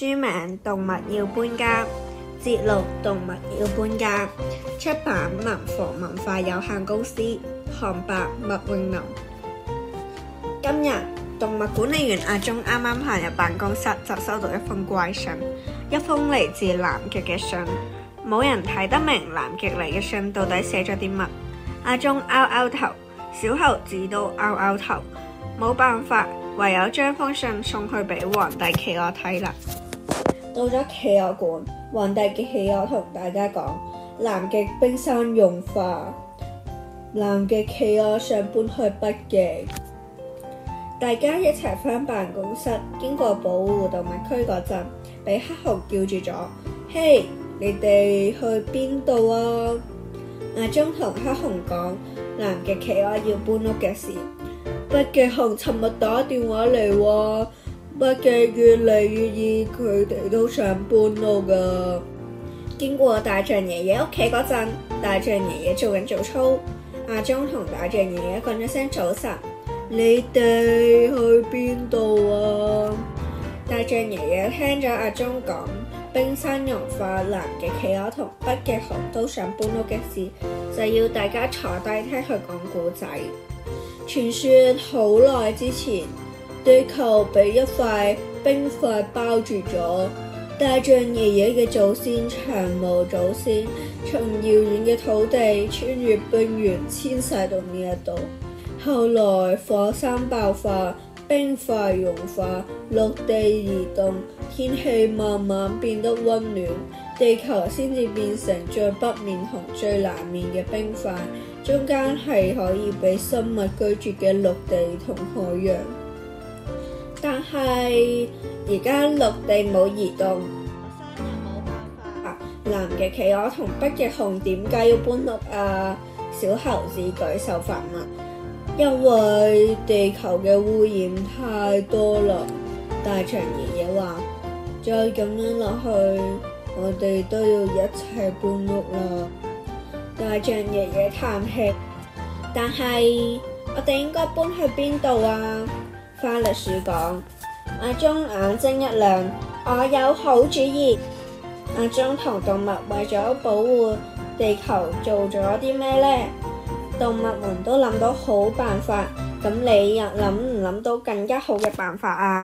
書名《動物要搬家》，節錄《動物要搬家》，出版《文房文化有限公司》，韓白，麥詠琳。今日動物管理員阿鐘啱啱行入辦公室，就收到一封怪信，一封嚟自南極嘅信，冇人睇得明南極嚟嘅信到底寫咗啲乜。阿鐘拗拗頭，小猴子都拗拗頭，冇辦法，唯有將封信送去俾皇帝企鵝睇啦。到咗企鵝館，皇帝嘅企鵝同大家講：南極冰山融化，南極企鵝想搬去北極。大家一齊翻辦公室，經過保護動物區嗰陣，俾黑熊叫住咗：嘿、hey，你哋去邊度啊？阿忠同黑熊講：南極企鵝要搬屋嘅事，北極熊尋日打電話嚟，哦。北極越嚟越熱，佢哋都想搬屋噶。經過大象爺爺屋企嗰陣，大象爺爺做緊早操，阿鐘同大象爺爺講咗聲早晨。你哋去邊度啊？大象爺爺聽咗阿鐘講冰山融化，南極企鵝同北極熊都想搬屋嘅事，就要大家坐低聽佢講故仔。傳說好耐之前，地球俾一塊冰塊包住咗，大象爺爺嘅祖先、長毛祖先從遙遠嘅土地穿越冰原，遷徙到呢一度。後來火山爆發，冰塊融化，陸地移動，天氣慢慢變得溫暖，地球先至變成最北面同最南面嘅冰塊，中間係可以俾生物居住嘅陸地同海洋。但係而家陸地冇移動，山又冇辦法。啊，南極企鵝同北極熊點解要搬屋啊？小猴子舉手發問。因為地球嘅污染太多啦。大象爺爺話：再咁樣落去，我哋都要一齊搬屋啦。大象爺爺嘆氣。但係我哋應該搬去邊度啊？花栗鼠講：阿忠眼睛一亮，我有好主意。阿忠同動物為咗保護地球做咗啲咩呢？動物們都諗到好辦法，咁你又諗唔諗到更加好嘅辦法啊？